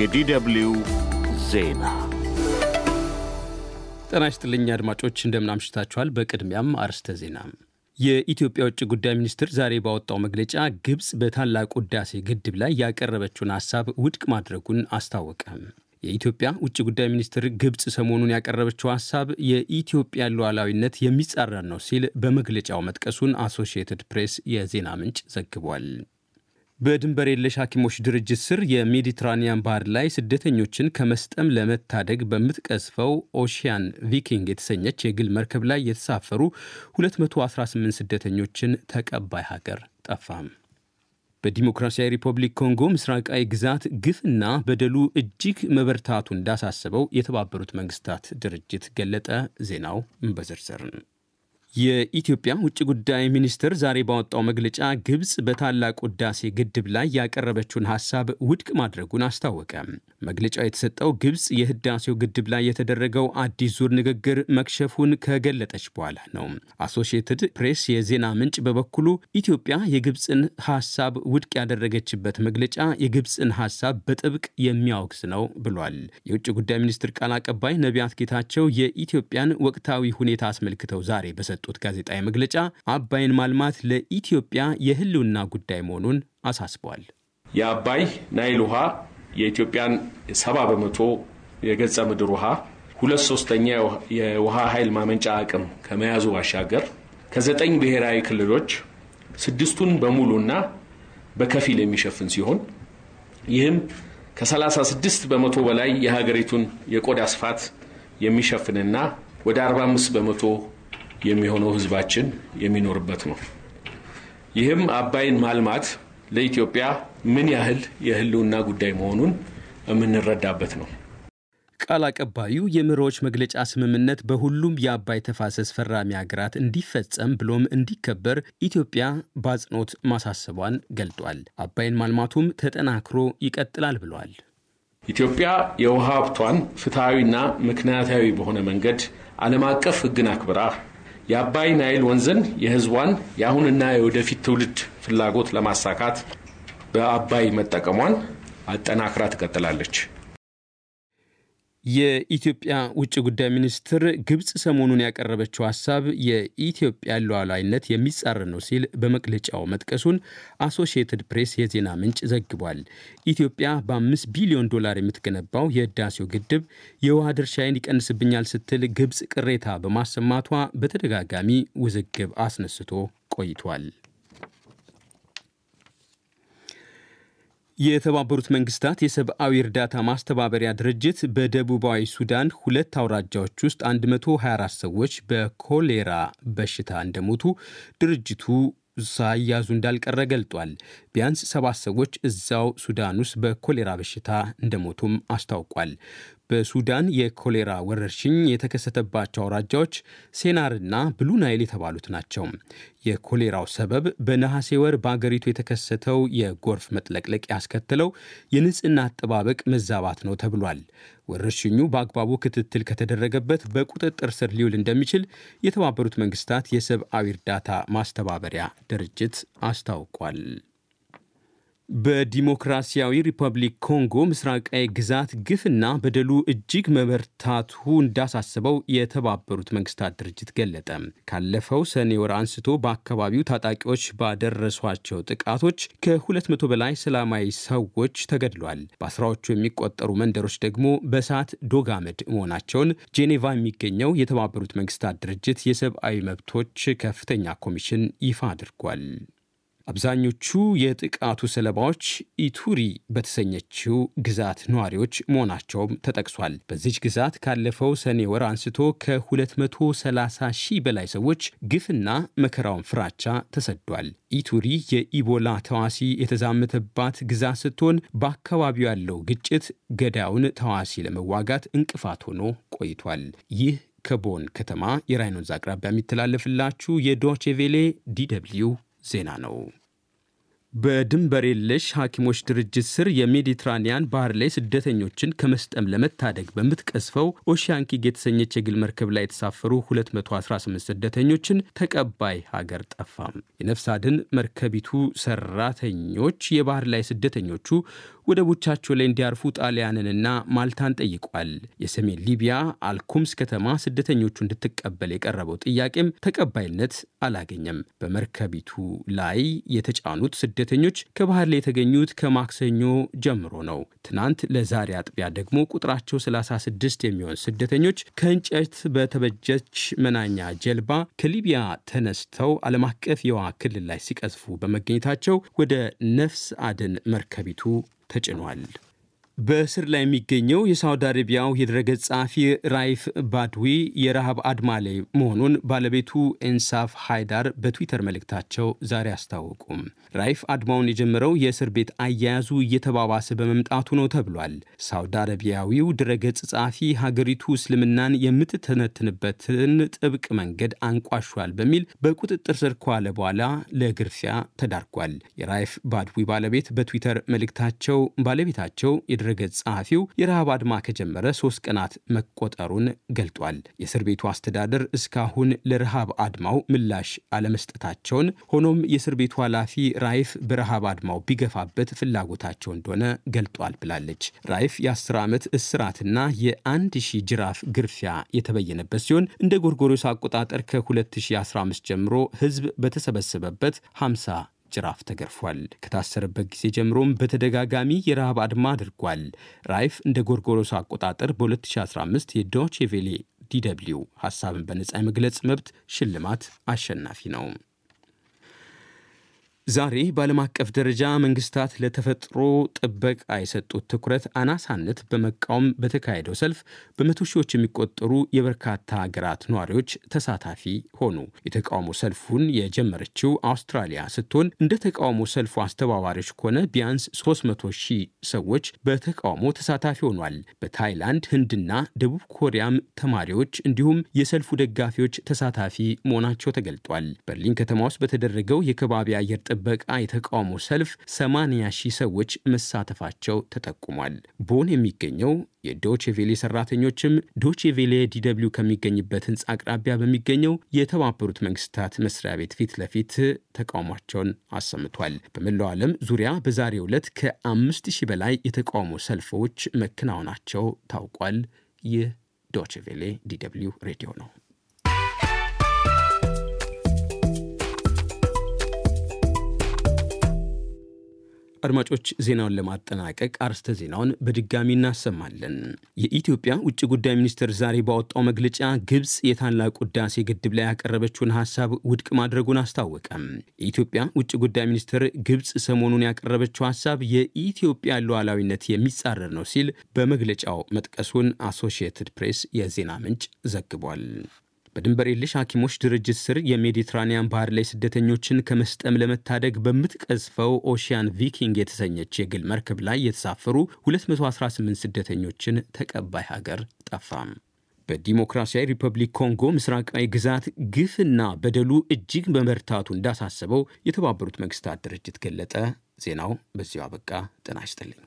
የዲደብልዩ ዜና ጤና ይስጥልኝ አድማጮች፣ እንደምናምሽታችኋል። በቅድሚያም አርስተ ዜና። የኢትዮጵያ ውጭ ጉዳይ ሚኒስትር ዛሬ ባወጣው መግለጫ ግብፅ በታላቁ ህዳሴ ግድብ ላይ ያቀረበችውን ሀሳብ ውድቅ ማድረጉን አስታወቀ። የኢትዮጵያ ውጭ ጉዳይ ሚኒስትር ግብፅ ሰሞኑን ያቀረበችው ሀሳብ የኢትዮጵያ ሉዓላዊነት የሚጻረር ነው ሲል በመግለጫው መጥቀሱን አሶሺየትድ ፕሬስ የዜና ምንጭ ዘግቧል። በድንበር የለሽ ሐኪሞች ድርጅት ስር የሜዲትራኒያን ባህር ላይ ስደተኞችን ከመስጠም ለመታደግ በምትቀዝፈው ኦሺያን ቪኪንግ የተሰኘች የግል መርከብ ላይ የተሳፈሩ 218 ስደተኞችን ተቀባይ ሀገር ጠፋም። በዲሞክራሲያዊ ሪፐብሊክ ኮንጎ ምስራቃዊ ግዛት ግፍና በደሉ እጅግ መበርታቱ እንዳሳሰበው የተባበሩት መንግስታት ድርጅት ገለጠ። ዜናው በዝርዝርን የኢትዮጵያ ውጭ ጉዳይ ሚኒስትር ዛሬ ባወጣው መግለጫ ግብፅ በታላቁ ህዳሴ ግድብ ላይ ያቀረበችውን ሀሳብ ውድቅ ማድረጉን አስታወቀ። መግለጫው የተሰጠው ግብፅ የህዳሴው ግድብ ላይ የተደረገው አዲስ ዙር ንግግር መክሸፉን ከገለጠች በኋላ ነው። አሶሺየትድ ፕሬስ የዜና ምንጭ በበኩሉ ኢትዮጵያ የግብፅን ሀሳብ ውድቅ ያደረገችበት መግለጫ የግብፅን ሀሳብ በጥብቅ የሚያወግዝ ነው ብሏል። የውጭ ጉዳይ ሚኒስትር ቃል አቀባይ ነቢያት ጌታቸው የኢትዮጵያን ወቅታዊ ሁኔታ አስመልክተው ዛሬ በሰጡ ባወጡት ጋዜጣዊ መግለጫ አባይን ማልማት ለኢትዮጵያ የህልውና ጉዳይ መሆኑን አሳስበዋል። የአባይ ናይል ውሃ የኢትዮጵያን ሰባ በመቶ የገጸ ምድር ውሃ ሁለት ሶስተኛ የውሃ ኃይል ማመንጫ አቅም ከመያዙ ባሻገር ከዘጠኝ ብሔራዊ ክልሎች ስድስቱን በሙሉና በከፊል የሚሸፍን ሲሆን ይህም ከ36 በመቶ በላይ የሀገሪቱን የቆዳ ስፋት የሚሸፍንና ወደ 45 በመቶ የሚሆነው ህዝባችን የሚኖርበት ነው። ይህም አባይን ማልማት ለኢትዮጵያ ምን ያህል የህልውና ጉዳይ መሆኑን የምንረዳበት ነው። ቃል አቀባዩ የመሪዎች መግለጫ ስምምነት በሁሉም የአባይ ተፋሰስ ፈራሚ ሀገራት እንዲፈጸም ብሎም እንዲከበር ኢትዮጵያ በአጽንኦት ማሳሰቧን ገልጧል። አባይን ማልማቱም ተጠናክሮ ይቀጥላል ብሏል። ኢትዮጵያ የውሃ ሀብቷን ፍትሐዊና ምክንያታዊ በሆነ መንገድ ዓለም አቀፍ ሕግን አክብራ የአባይ ናይል ወንዝን የህዝቧን የአሁንና የወደፊት ትውልድ ፍላጎት ለማሳካት በአባይ መጠቀሟን አጠናክራ ትቀጥላለች። የኢትዮጵያ ውጭ ጉዳይ ሚኒስትር ግብፅ ሰሞኑን ያቀረበችው ሀሳብ የኢትዮጵያ ሉዓላዊነት የሚጻረር ነው ሲል በመግለጫው መጥቀሱን አሶሺየትድ ፕሬስ የዜና ምንጭ ዘግቧል። ኢትዮጵያ በአምስት ቢሊዮን ዶላር የምትገነባው የህዳሴው ግድብ የውሃ ድርሻዬን ይቀንስብኛል ስትል ግብፅ ቅሬታ በማሰማቷ በተደጋጋሚ ውዝግብ አስነስቶ ቆይቷል። የተባበሩት መንግስታት የሰብአዊ እርዳታ ማስተባበሪያ ድርጅት በደቡባዊ ሱዳን ሁለት አውራጃዎች ውስጥ 124 ሰዎች በኮሌራ በሽታ እንደሞቱ ድርጅቱ ሳያዙ እንዳልቀረ ገልጧል። ቢያንስ ሰባት ሰዎች እዛው ሱዳን ውስጥ በኮሌራ በሽታ እንደሞቱም አስታውቋል። በሱዳን የኮሌራ ወረርሽኝ የተከሰተባቸው አውራጃዎች ሴናርና ብሉ ናይል የተባሉት ናቸው። የኮሌራው ሰበብ በነሐሴ ወር በአገሪቱ የተከሰተው የጎርፍ መጥለቅለቅ ያስከተለው የንጽህና አጠባበቅ መዛባት ነው ተብሏል። ወረርሽኙ በአግባቡ ክትትል ከተደረገበት በቁጥጥር ስር ሊውል እንደሚችል የተባበሩት መንግስታት የሰብአዊ እርዳታ ማስተባበሪያ ድርጅት አስታውቋል። በዲሞክራሲያዊ ሪፐብሊክ ኮንጎ ምስራቃዊ ግዛት ግፍና በደሉ እጅግ መበርታቱ እንዳሳሰበው የተባበሩት መንግስታት ድርጅት ገለጠ። ካለፈው ሰኔ ወር አንስቶ በአካባቢው ታጣቂዎች ባደረሷቸው ጥቃቶች ከ200 በላይ ሰላማዊ ሰዎች ተገድሏል። በአስራዎቹ የሚቆጠሩ መንደሮች ደግሞ በእሳት ዶጋመድ መሆናቸውን ጄኔቫ የሚገኘው የተባበሩት መንግስታት ድርጅት የሰብአዊ መብቶች ከፍተኛ ኮሚሽን ይፋ አድርጓል። አብዛኞቹ የጥቃቱ ሰለባዎች ኢቱሪ በተሰኘችው ግዛት ነዋሪዎች መሆናቸውም ተጠቅሷል። በዚች ግዛት ካለፈው ሰኔ ወር አንስቶ ከ230 ሺህ በላይ ሰዎች ግፍና መከራውን ፍራቻ ተሰዷል። ኢቱሪ የኢቦላ ተዋሲ የተዛመተባት ግዛት ስትሆን በአካባቢው ያለው ግጭት ገዳዩን ተዋሲ ለመዋጋት እንቅፋት ሆኖ ቆይቷል። ይህ ከቦን ከተማ የራይኖዝ አቅራቢያ የሚተላለፍላችሁ የዶቼ ቬሌ ዲ ዜና ነው። በድንበር የለሽ ሐኪሞች ድርጅት ስር የሜዲትራኒያን ባህር ላይ ስደተኞችን ከመስጠም ለመታደግ በምትቀስፈው ኦሺያንኪግ የተሰኘች የግል መርከብ ላይ የተሳፈሩ 218 ስደተኞችን ተቀባይ ሀገር ጠፋም። የነፍስ አድን መርከቢቱ ሰራተኞች የባህር ላይ ስደተኞቹ ወደቦቻቸው ላይ እንዲያርፉ ጣሊያንንና ማልታን ጠይቋል። የሰሜን ሊቢያ አልኩምስ ከተማ ስደተኞቹ እንድትቀበል የቀረበው ጥያቄም ተቀባይነት አላገኘም። በመርከቢቱ ላይ የተጫኑት ስደተኞች ከባህር ላይ የተገኙት ከማክሰኞ ጀምሮ ነው። ትናንት ለዛሬ አጥቢያ ደግሞ ቁጥራቸው 36 የሚሆን ስደተኞች ከእንጨት በተበጀች መናኛ ጀልባ ከሊቢያ ተነስተው ዓለም አቀፍ የውሃ ክልል ላይ ሲቀዝፉ በመገኘታቸው ወደ ነፍስ አድን መርከቢቱ ተጭኗል። በእስር ላይ የሚገኘው የሳውዲ አረቢያው የድረገጽ ጸሐፊ ራይፍ ባድዊ የረሃብ አድማ ላይ መሆኑን ባለቤቱ ኢንሳፍ ሃይዳር በትዊተር መልእክታቸው ዛሬ አስታወቁም። ራይፍ አድማውን የጀመረው የእስር ቤት አያያዙ እየተባባሰ በመምጣቱ ነው ተብሏል። ሳውዲ አረቢያዊው ድረገጽ ጸሐፊ ሀገሪቱ እስልምናን የምትተነትንበትን ጥብቅ መንገድ አንቋሿል በሚል በቁጥጥር ስር ከዋለ በኋላ ለግርፊያ ተዳርጓል። የራይፍ ባድዊ ባለቤት በትዊተር መልእክታቸው ባለቤታቸው ድረገጽ ጸሐፊው የረሃብ አድማ ከጀመረ ሶስት ቀናት መቆጠሩን ገልጧል። የእስር ቤቱ አስተዳደር እስካሁን ለረሃብ አድማው ምላሽ አለመስጠታቸውን፣ ሆኖም የእስር ቤቱ ኃላፊ ራይፍ በረሃብ አድማው ቢገፋበት ፍላጎታቸው እንደሆነ ገልጧል ብላለች። ራይፍ የ10 ዓመት እስራትና የአንድ ሺህ ጅራፍ ግርፊያ የተበየነበት ሲሆን እንደ ጎርጎሮስ አቆጣጠር ከ2015 ጀምሮ ህዝብ በተሰበሰበበት 50 ጅራፍ ተገርፏል። ከታሰረበት ጊዜ ጀምሮም በተደጋጋሚ የረሃብ አድማ አድርጓል። ራይፍ እንደ ጎርጎሮስ አቆጣጠር በ2015 የዶቼ ቬሌ ዲደብሊው ሀሳብን በነፃ የመግለጽ መብት ሽልማት አሸናፊ ነው። ዛሬ በዓለም አቀፍ ደረጃ መንግስታት ለተፈጥሮ ጥበቃ የሰጡት ትኩረት አናሳነት በመቃወም በተካሄደው ሰልፍ በመቶ ሺዎች የሚቆጠሩ የበርካታ ሀገራት ነዋሪዎች ተሳታፊ ሆኑ። የተቃውሞ ሰልፉን የጀመረችው አውስትራሊያ ስትሆን እንደ ተቃውሞ ሰልፉ አስተባባሪዎች ከሆነ ቢያንስ 300 ሺህ ሰዎች በተቃውሞ ተሳታፊ ሆኗል። በታይላንድ ህንድና ደቡብ ኮሪያም ተማሪዎች እንዲሁም የሰልፉ ደጋፊዎች ተሳታፊ መሆናቸው ተገልጧል። በርሊን ከተማ ውስጥ በተደረገው የከባቢ አየር ጥበቃ የተቃውሞ ሰልፍ 80 ሺህ ሰዎች መሳተፋቸው ተጠቁሟል። ቦን የሚገኘው የዶችቬሌ ሰራተኞችም ዶችቬሌ ዲደብሊው ከሚገኝበት ህንፃ አቅራቢያ በሚገኘው የተባበሩት መንግስታት መስሪያ ቤት ፊት ለፊት ተቃውሟቸውን አሰምቷል። በመላው ዓለም ዙሪያ በዛሬ ዕለት ከአምስት ሺህ በላይ የተቃውሞ ሰልፎች መከናወናቸው ታውቋል። ይህ ዶችቬሌ ዲደብሊው ሬዲዮ ነው። አድማጮች፣ ዜናውን ለማጠናቀቅ አርስተ ዜናውን በድጋሚ እናሰማለን። የኢትዮጵያ ውጭ ጉዳይ ሚኒስትር ዛሬ ባወጣው መግለጫ ግብፅ የታላቁ ሕዳሴ ግድብ ላይ ያቀረበችውን ሀሳብ ውድቅ ማድረጉን አስታወቀም። የኢትዮጵያ ውጭ ጉዳይ ሚኒስትር ግብፅ ሰሞኑን ያቀረበችው ሀሳብ የኢትዮጵያ ሉዓላዊነት የሚጻረር ነው ሲል በመግለጫው መጥቀሱን አሶሺየትድ ፕሬስ የዜና ምንጭ ዘግቧል። በድንበር የለሽ ሐኪሞች ድርጅት ስር የሜዲትራኒያን ባህር ላይ ስደተኞችን ከመስጠም ለመታደግ በምትቀዝፈው ኦሺያን ቪኪንግ የተሰኘች የግል መርከብ ላይ የተሳፈሩ 218 ስደተኞችን ተቀባይ ሀገር ጠፋም። በዲሞክራሲያዊ ሪፐብሊክ ኮንጎ ምስራቃዊ ግዛት ግፍና በደሉ እጅግ በመርታቱ እንዳሳሰበው የተባበሩት መንግስታት ድርጅት ገለጠ። ዜናው በዚሁ አበቃ። ጤና ይስጥልኝ።